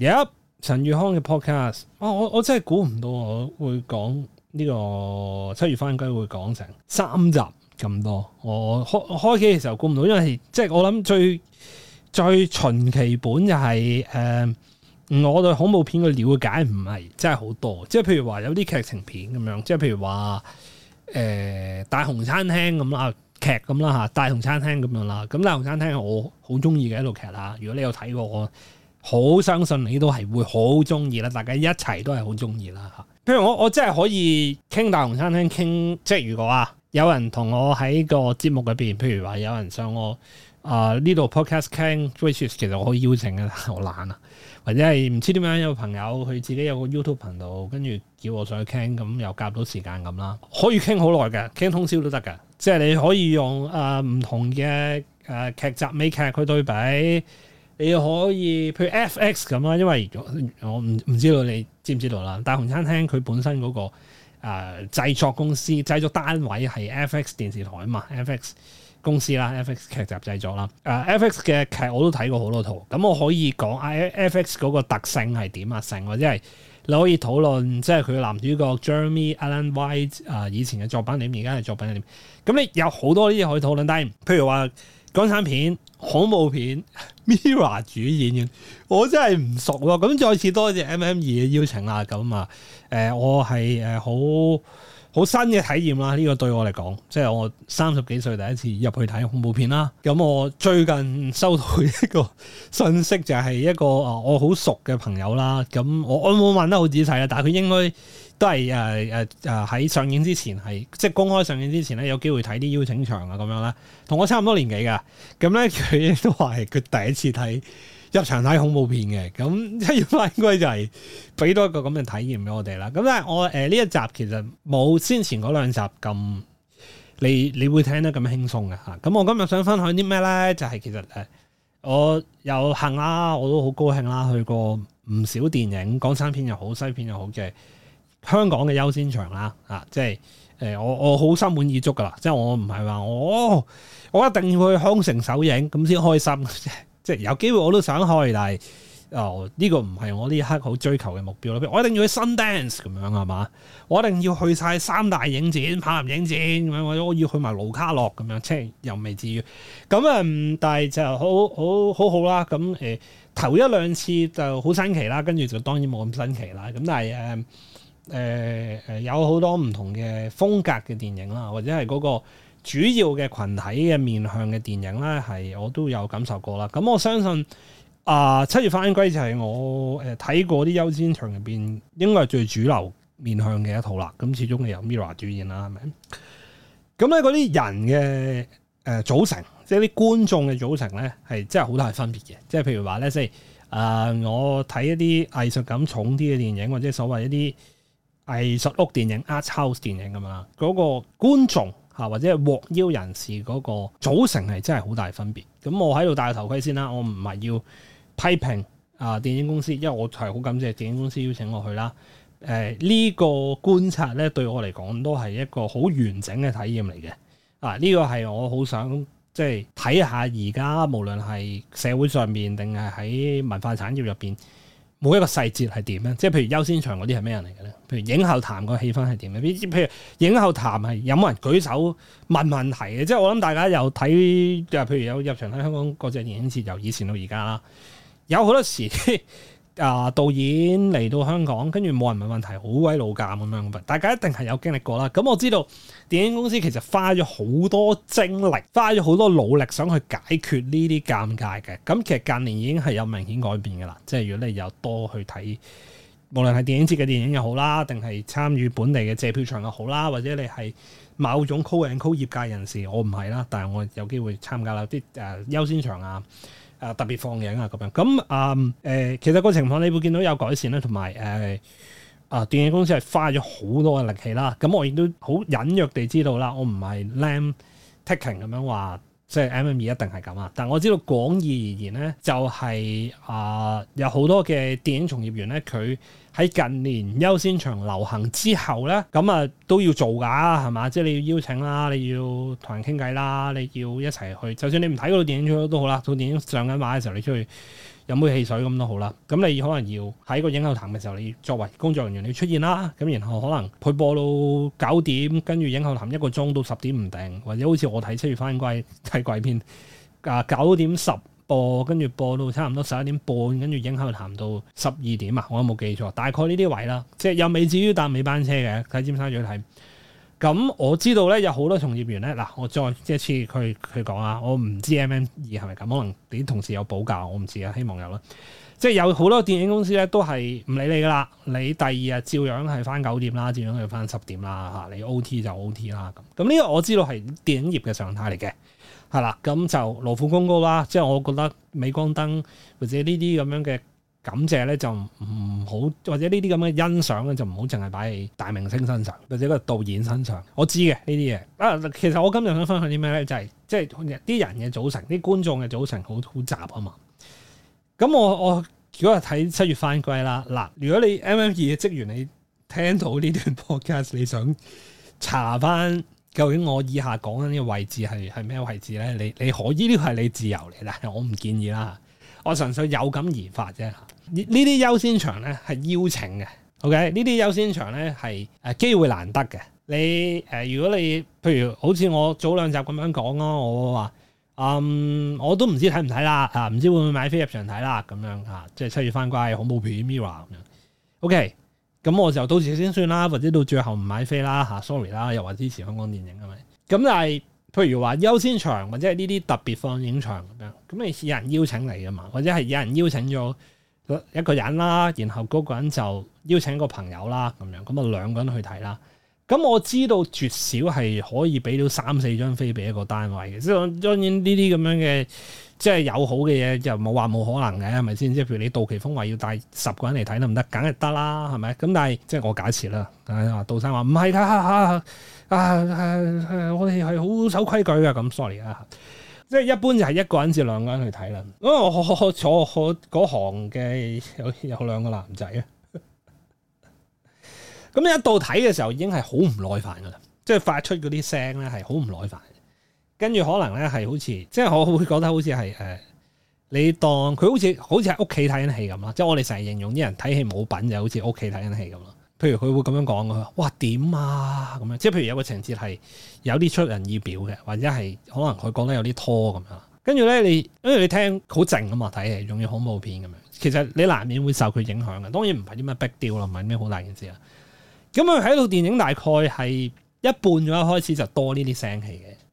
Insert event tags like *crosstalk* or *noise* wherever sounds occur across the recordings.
耶！Yep, 陳宇康嘅 podcast，、哦、我我我真係估唔到，我會講呢、這個七月翻應該會講成三集咁多。我開我開機嘅時候估唔到，因為即係我諗最最循期本就係、是、誒、嗯，我對恐怖片嘅了解唔係真係好多。即係譬如話有啲劇情片咁、呃、樣，即係譬如話誒大雄餐廳咁啦，劇咁啦嚇，大雄餐廳咁樣啦。咁大雄餐廳我好中意嘅一套劇啊！如果你有睇過我。好相信你都係會好中意啦，大家一齊都係好中意啦嚇。譬如我我真係可以傾大雄餐廳傾，即係如果啊有人同我喺個節目入邊，譬如話有人上我啊呢度 podcast 傾，追雪其實我可以邀請嘅，我懶啊，或者係唔知點樣有朋友佢自己有個 YouTube 頻道，跟住叫我上去傾，咁又夾到時間咁啦，可以傾好耐嘅，傾通宵都得嘅，即係你可以用誒、呃、唔同嘅誒、呃、劇集美劇去對比。你可以譬如 FX 咁啦，因為我唔唔知道你知唔知道啦。大熊餐廳佢本身嗰、那個啊、呃、製作公司製作單位係 FX 電視台啊嘛，FX 公司啦，FX 劇集製作啦。啊、呃、FX 嘅劇我都睇過好多套，咁我可以講啊，FX 嗰個特性係點啊，成或者係你可以討論，即係佢男主角 Jeremy Allen White 啊、呃，以前嘅作品點，而家嘅作品點。咁你有好多呢啲可以討論。但係譬如話港產片。恐怖片，Mira 主演嘅，我真係唔熟咯。咁再次多謝 M M 二嘅邀請啦。咁啊，誒，我係誒好好新嘅體驗啦。呢、這個對我嚟講，即、就、係、是、我三十幾歲第一次入去睇恐怖片啦。咁我最近收到一個信息，就係、是、一個我好熟嘅朋友啦。咁我我冇問得好仔細啊，但係佢應該。都係誒誒誒喺上映之前係即係公開上映之前咧有機會睇啲邀請場啊咁樣啦，同我差唔多年紀噶，咁咧佢亦都話係佢第一次睇入場睇恐怖片嘅，咁一月份應該就係俾多一個咁嘅體驗俾我哋啦。咁咧我誒呢一集其實冇先前嗰兩集咁你你會聽得咁輕鬆嘅吓。咁我今日想分享啲咩咧？就係、是、其實誒、呃、我有幸啦，我都好高興啦，去過唔少電影，港產片又好，西片又好嘅。香港嘅優先場啦，啊，即係，誒、欸，我我好心滿意足噶啦，即係我唔係話，我、哦、我一定要去康城首映咁先開心， *laughs* 即係有機會我都想去，但係，哦、呃，呢、這個唔係我呢一刻好追求嘅目標咯，我一定要去 Sundance 咁樣係嘛，我一定要去晒三大影展、柏林影展，或者我要去埋盧卡諾咁樣，即係又未至於，咁啊，但係就好好好好啦，咁誒、欸，頭一兩次就好新奇啦，跟住就當然冇咁新奇啦，咁但係誒。呃誒誒、呃、有好多唔同嘅風格嘅電影啦，或者係嗰個主要嘅群體嘅面向嘅電影咧，係我都有感受過啦。咁、嗯、我相信啊、呃，七月返歸就係我誒睇、呃、過啲優先場入邊應該係最主流面向嘅一套啦。咁、嗯、始終係由 Mirror 主演啦，係咪？咁咧嗰啲人嘅誒、呃、組成，即係啲觀眾嘅組成咧，係真係好大分別嘅。即係譬如話咧，即係啊，我睇一啲藝術感重啲嘅電影，或者所謂一啲，藝術屋電影、Art House 電影咁樣啦，嗰、那個觀眾或者係獲邀人士嗰個組成係真係好大分別。咁我喺度戴頭盔先啦，我唔係要批評啊電影公司，因為我係好感謝電影公司邀請我去啦。誒、呃、呢、這個觀察咧對我嚟講都係一個好完整嘅體驗嚟嘅。啊，呢個係我好想即係睇下而家無論係社會上面定係喺文化產業入邊，每一個細節係點咧？即係譬如優先場嗰啲係咩人嚟嘅咧？譬如影後談個氣氛係點咧？比如譬如影後談係有冇人舉手問問題嘅？即係我諗大家又睇，就譬如有入場喺香港國際電影節，由以前到而家啦，有好多時。 *laughs* 啊、呃！導演嚟到香港，跟住冇人問問題，好鬼老尷咁樣咁，大家一定係有經歷過啦。咁我知道電影公司其實花咗好多精力，花咗好多努力，想去解決呢啲尷尬嘅。咁其實近年已經係有明顯改變㗎啦。即係如果你有多去睇，無論係電影節嘅電影又好啦，定係參與本地嘅借票場又好啦，或者你係某種 call and call，業界人士，我唔係啦，但係我有機會參加啦啲誒優先場啊，誒、呃、特別放映啊咁樣。咁、嗯、誒、呃、其實個情況你會見到有改善啦、啊，同埋誒啊電影公司係花咗好多嘅力氣啦。咁我亦都好隱約地知道啦，我唔係 lam taking 咁樣話。即係 M M 二一定係咁啊！但我知道廣義而言呢，就係、是、啊、呃、有好多嘅電影從業員呢，佢喺近年優先場流行之後呢，咁啊都要做㗎係嘛？即係你要邀請啦，你要同人傾偈啦，你要一齊去。就算你唔睇嗰套電影出都好啦，套電影上緊畫嘅時候你出去。飲杯汽水咁都好啦，咁你可能要喺個映後談嘅時候，你作為工作人員你要出現啦。咁然後可能佢播到九點，跟住映後談一個鐘到十點唔定，或者好似我睇七月翻歸睇鬼片啊，九點十播，跟住播到差唔多十一點半，跟住映後談到十二點啊，我有冇記錯，大概呢啲位啦，即係又未至於搭尾班車嘅，喺尖沙咀睇。咁我知道咧有好多從業員咧，嗱，我再一次佢佢講啊，我唔知 M M 二係咪咁，可能你啲同事有補教，我唔知啊，希望有啦。即係有好多電影公司咧都係唔理你噶啦，你第二日照樣係翻九點啦，照樣係翻十點啦，吓你 O T 就 O T 啦。咁咁呢個我知道係電影業嘅常態嚟嘅，係啦。咁就勞苦功高啦，即係我覺得鎂光燈或者呢啲咁樣嘅。感謝咧就唔好，或者呢啲咁嘅欣賞咧就唔好淨係擺喺大明星身上，或者個導演身上。我知嘅呢啲嘢啊，其實我今日想分享啲咩咧，就係、是、即係啲人嘅組成，啲觀眾嘅組成好好雜啊嘛。咁我我如果係睇七月翻歸啦，嗱，如果你 MM2 嘅職員，你聽到呢段 podcast，你想查翻究竟我以下講緊嘅位置係係咩位置咧？你你可以呢個係你自由嚟，但係我唔建議啦。我純粹有感而發啫，呢呢啲優先場咧係邀請嘅，OK？呢啲優先場咧係誒機會難得嘅，你誒、呃、如果你譬如好似我早兩集咁樣講咯，我話嗯我都唔知睇唔睇啦，嚇唔知會唔會買飛入場睇啦，咁樣嚇，即係七月返歸恐怖片 Mirror 咁樣，OK？咁我就到時先算啦，或者到最後唔買飛啦嚇，sorry 啦，又話支持香港電影係咪？咁但係。譬如話優先場或者係呢啲特別放映場咁樣，咁你有人邀請你噶嘛？或者係有人邀請咗一個人啦，然後嗰個人就邀請個朋友啦，咁樣咁啊兩個人去睇啦。咁、嗯、我知道絕少係可以俾到三四張飛俾一個單位嘅，即係當然呢啲咁樣嘅即係有好嘅嘢，又冇話冇可能嘅，係咪先？即係譬如你杜琪峯話要帶十個人嚟睇得唔得？梗係得啦，係咪？咁但係即係我假設啦，誒、哎、杜生話唔係㗎，啊，啊，啊，啊，啊我哋係好守規矩嘅，咁 sorry 啊！即係一般就係一個人至兩個人去睇啦。因、嗯、我坐我，我，我行嘅有有，有兩個男仔啊。咁一到睇嘅時候已經係好唔耐煩噶啦，即係發出嗰啲聲咧係好唔耐煩。跟住可能咧係好似，即係我會覺得好似係誒，你當佢好似好似喺屋企睇緊戲咁咯。即係我哋成日形容啲人睇戲冇品就好似屋企睇緊戲咁咯。譬如佢會咁樣講佢，哇點啊咁樣。即係譬如有個情節係有啲出人意表嘅，或者係可能佢講得有啲拖咁樣。跟住咧你，因為你聽好靜啊嘛，睇戲用於恐怖片咁樣，其實你難免會受佢影響嘅。當然唔係啲咩逼調啦，唔係咩好大件事啊。咁佢喺套電影大概係一半左右開始就多呢啲聲氣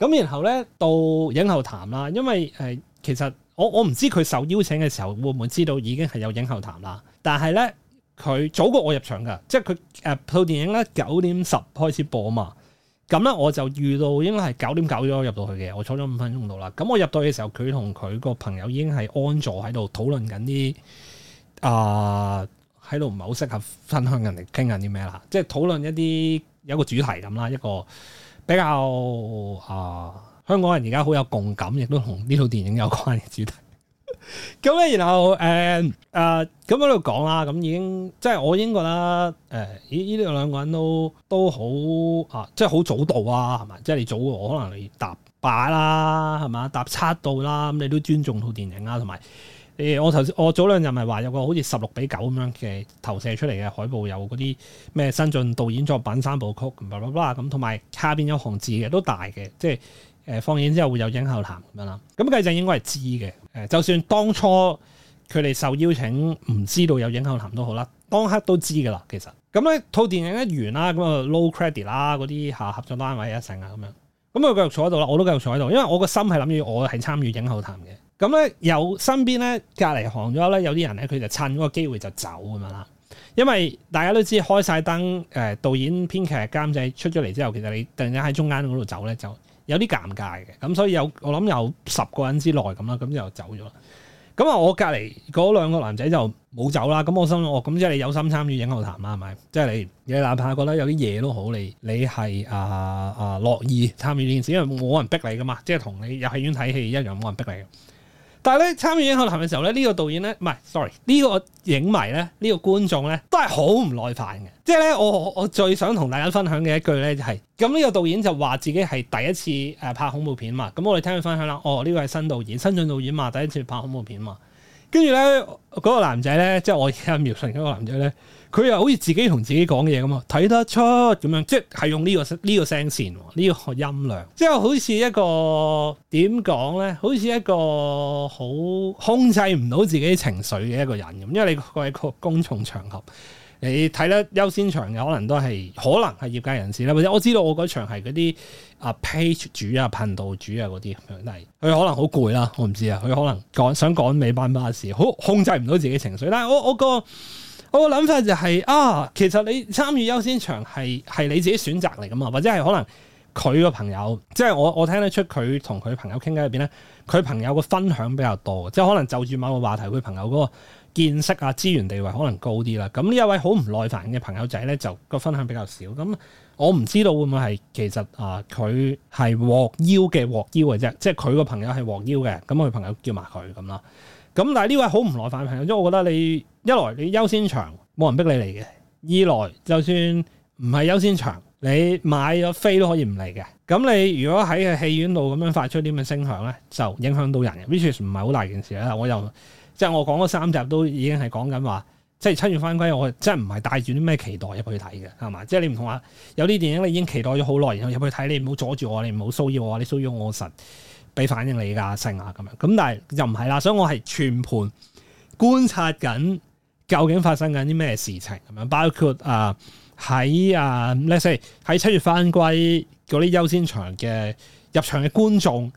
嘅，咁然後呢，到影後談啦，因為係、呃、其實我我唔知佢受邀請嘅時候會唔會知道已經係有影後談啦，但係呢，佢早過我入場噶，即係佢誒套電影咧九點十開始播嘛，咁呢，我就遇到應該係九點九左右入到去嘅，我坐咗五分鐘到啦，咁我入到去嘅時候，佢同佢個朋友已經係安坐喺度討論緊啲啊。呃喺度唔係好適合分享人哋傾緊啲咩啦，即係討論一啲有一個主題咁啦，一個比較啊香港人而家好有共感，亦都同呢套電影有關嘅主題。咁咧，然後誒誒，咁喺度講啦，咁、呃、已經即係我已經覺得，誒、呃，呢呢兩個人都都好啊，即係好早到啊，係咪？即係你早，我可能你搭八啦，係咪，搭七到啦、啊，咁、嗯、你都尊重套電影啦、啊，同埋。誒，我頭先我早兩日咪話有個好似十六比九咁樣嘅投射出嚟嘅海報，有嗰啲咩新進導演作品三部曲等等，巴拉巴拉咁，同埋下邊有行字嘅，都大嘅，即係誒放映之後會有影後談咁樣啦。咁計就應該係知嘅。誒，就算當初佢哋受邀請唔知道有影後談都好啦，當刻都知噶啦。其實咁咧，套電影一完啦，咁啊 low credit 啦，嗰啲下合作單位一成啊咁樣。咁佢繼續坐喺度啦，我都繼續坐喺度，因為我個心係諗住我係參與影後談嘅。咁咧，由身邊咧隔籬行咗咧，有啲人咧佢就趁嗰個機會就走咁樣啦。因為大家都知開晒燈，誒、呃，導演、編劇、監製出咗嚟之後，其實你突然間喺中間嗰度走咧，就有啲尷尬嘅。咁所以有我諗有十個人之內咁啦，咁就走咗。咁啊！我隔離嗰兩個男仔就冇走啦。咁我心諗，我咁即係你有心參與影後談啊？係咪？即係你，你哪怕覺得有啲嘢都好，你你係啊啊樂意參與呢件事，因為冇人逼你噶嘛。即係同你入戲院睇戲一樣，冇人逼你嘅。但係咧，參與影後談嘅時候咧，呢個導演咧，唔係，sorry，呢個影迷咧，呢個觀眾咧，都係好唔耐煩嘅。即係咧，我我最想同大家分享嘅一句咧，就係咁，呢個導演就話自己係第一次誒拍恐怖片嘛。咁我哋聽佢分享啦，哦，呢個係新導演，新進導演嘛，第一次拍恐怖片嘛。跟住咧，嗰個男仔咧，即係我而家描述嗰個男仔咧，佢又好似自己同自己講嘢咁啊，睇得出咁樣，即係用呢個呢個聲線呢個音量，即係好似一個點講咧，好似一個好控制唔到自己情緒嘅一個人咁，因為你喺個公眾場合。你睇得優先場嘅可能都係，可能係業界人士啦，或者我知道我嗰場係嗰啲啊 page 主啊頻道主啊嗰啲咁樣，但係佢可能好攰啦，我唔知啊，佢可能趕想趕尾班巴士，好控制唔到自己情緒。但係我我個我個諗法就係、是、啊，其實你參與優先場係係你自己選擇嚟㗎嘛，或者係可能佢個朋友，即係我我聽得出佢同佢朋友傾偈入邊咧，佢朋友個分享比較多，即係可能就住某個話題，佢朋友嗰個。見識啊，資源地位可能高啲啦。咁呢一位好唔耐煩嘅朋友仔咧，就個分享比較少。咁、嗯、我唔知道會唔會係其實啊，佢係獲邀嘅獲邀嘅啫。即係佢個朋友係獲邀嘅，咁佢朋友叫埋佢咁啦。咁、嗯、但係呢位好唔耐煩嘅朋友，因為我覺得你一來你優先場冇人逼你嚟嘅；二來就算唔係優先場，你買咗飛都可以唔嚟嘅。咁、嗯、你如果喺戲院度咁樣發出啲咁嘅聲響咧，就影響到人。which is 唔係好大件事啦。我又。即係我講嗰三集都已經係講緊話，即係七月翻歸我，真係唔係帶住啲咩期待入去睇嘅，係嘛？即係你唔同話有啲電影你已經期待咗好耐，然後入去睇你唔好阻住我，你唔好騷擾我，你騷擾我神俾反應你噶成啊咁樣。咁但係又唔係啦，所以我係全盤觀察緊究竟發生緊啲咩事情咁樣，包括啊喺啊，例如喺七月翻歸嗰啲優先場嘅入場嘅觀眾。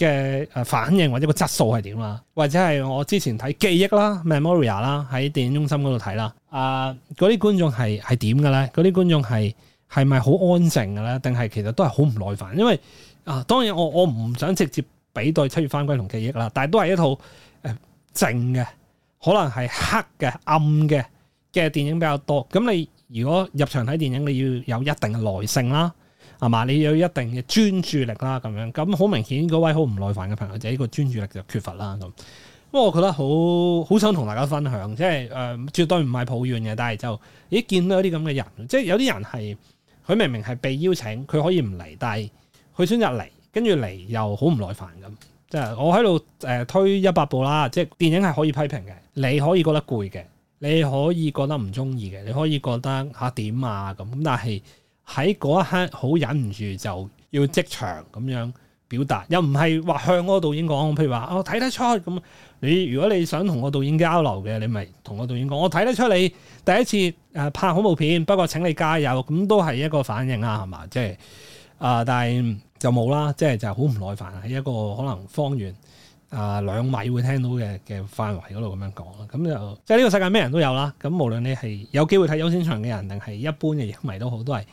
嘅誒反應或者個質素係點啦，或者係我之前睇記憶啦、Memoria 啦，喺電影中心嗰度睇啦，啊嗰啲觀眾係係點嘅咧？嗰啲觀眾係係咪好安靜嘅咧？定係其實都係好唔耐煩？因為啊、呃，當然我我唔想直接比對七月返歸同記憶啦，但係都係一套誒、呃、靜嘅，可能係黑嘅、暗嘅嘅電影比較多。咁你如果入場睇電影，你要有一定嘅耐性啦。係嘛、嗯？你有一定嘅專注力啦，咁樣咁好明顯，嗰位好唔耐煩嘅朋友就呢個專注力就缺乏啦。咁，不過我覺得好好想同大家分享，即係誒、呃、絕對唔係抱怨嘅，但係就咦見到啲咁嘅人，即係有啲人係佢明明係被邀請，佢可以唔嚟，但係佢選擇嚟，跟住嚟又好唔耐煩咁。即係我喺度誒推一百部啦，即係電影係可以批評嘅，你可以覺得攰嘅，你可以覺得唔中意嘅，你可以覺得嚇點啊咁、啊，咁但係。喺嗰一刻好忍唔住就要即場咁樣表達，又唔係話向嗰個導演講，譬如話哦睇得出咁。你如果你想同個導演交流嘅，你咪同個導演講，我睇得出你第一次誒拍恐怖片，不過請你加油，咁都係一個反應啊，係嘛？即係啊，但係就冇啦，即係就好、是、唔耐煩，係一個可能方圓。啊兩米會聽到嘅嘅範圍嗰度咁樣講咯，咁就即係呢個世界咩人都有啦。咁無論你係有機會睇優先場嘅人，定係一般嘅影迷都好，都係誒、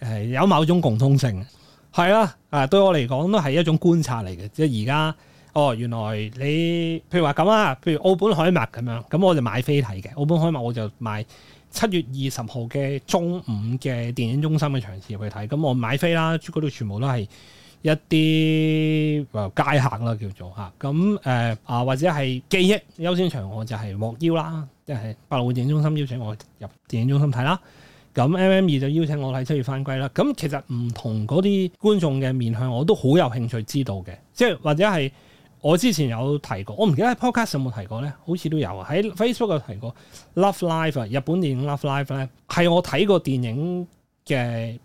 呃、有某種共通性。係啦，啊對我嚟講都係一種觀察嚟嘅。即係而家哦，原來你譬如話咁啊，譬如奧本海默咁樣，咁我就買飛睇嘅。奧本海默我就買七月二十號嘅中午嘅電影中心嘅場次入去睇。咁我買飛啦，嗰度全部都係。一啲街客啦叫做吓，咁誒啊或者係記憶優先長項就係獲邀啦，即係百老匯電影中心邀請我入電影中心睇啦。咁 M M 二就邀請我喺七月翻歸啦。咁、啊、其實唔同嗰啲觀眾嘅面向我都好有興趣知道嘅，即係或者係我之前有提過，我唔記得 podcast 有冇提過咧，好似都有喺 Facebook 有提過，有有提過 Love Life 啊，日本電影 Love Life 咧係我睇過電影嘅。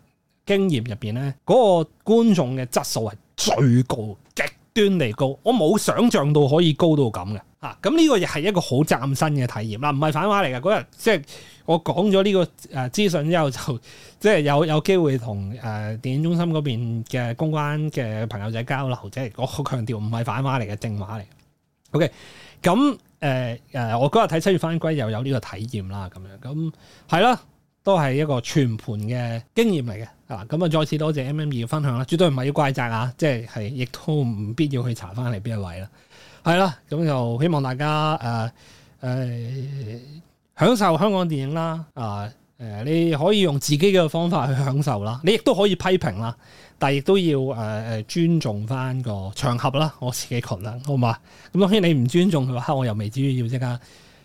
經驗入邊咧，嗰、那個觀眾嘅質素係最高，極端嚟高。我冇想像到可以高到咁嘅嚇。咁、啊、呢個亦係一個好嶄新嘅體驗啦，唔、啊、係反話嚟嘅。嗰日即係我講咗呢、這個誒、呃、資訊之後就，就即係有有機會同誒、呃、電影中心嗰邊嘅公關嘅朋友仔交流。即係我強調，唔係反話嚟嘅，正話嚟。OK，咁誒誒，我嗰日睇七月返歸又有呢個體驗啦，咁樣咁係啦，都係一個全盤嘅經驗嚟嘅。嗱，咁啊，再次多謝 M M 二嘅分享啦，絕對唔係要怪責啊，即係係，亦都唔必要去查翻嚟邊一位啦，係、啊、啦，咁就希望大家誒誒享受香港電影啦，啊誒、啊，你可以用自己嘅方法去享受啦，你亦都可以批評啦，但係亦都要誒誒尊重翻個場合啦，我自己覺得，好唔好？咁、啊、當然你唔尊重佢刻、啊，我又未至於要刻即刻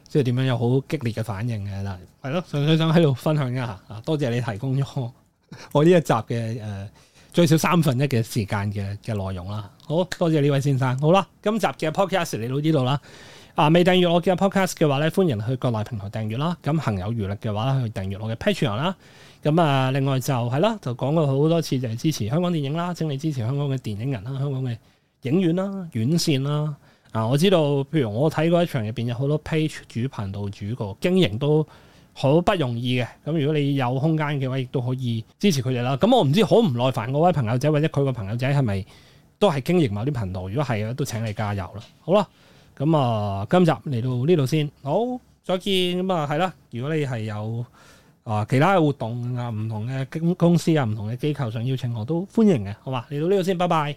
即係點樣有好激烈嘅反應嘅啦，係、啊、咯，純粹想喺度分享一下、啊，多謝你提供咗。我呢一集嘅誒、呃、最少三分一嘅時間嘅嘅內容啦，好多謝呢位先生。好啦，今集嘅 podcast 你都知道啦。啊，未訂閱我嘅 podcast 嘅話咧，歡迎去各大平台訂閱啦。咁、啊、行有餘力嘅話去訂閱我嘅 Patreon 啦。咁啊，另外就係啦，就講過好多次就係、是、支持香港電影啦，請你支持香港嘅電影人啦，香港嘅影院啦、院線啦。啊，我知道，譬如我睇過一場入邊有好多 page 主頻道主角、主個經營都。好不容易嘅，咁如果你有空間嘅話，亦都可以支持佢哋啦。咁我唔知好唔耐煩嗰位朋友仔，或者佢個朋友仔係咪都係經營某啲頻道？如果係嘅，都請你加油啦。好啦，咁啊，今集嚟到呢度先，好，再見。咁啊，係啦，如果你係有啊、呃、其他嘅活動啊，唔同嘅公司啊，唔同嘅機構想邀請我，都歡迎嘅，好嘛？嚟到呢度先，拜拜。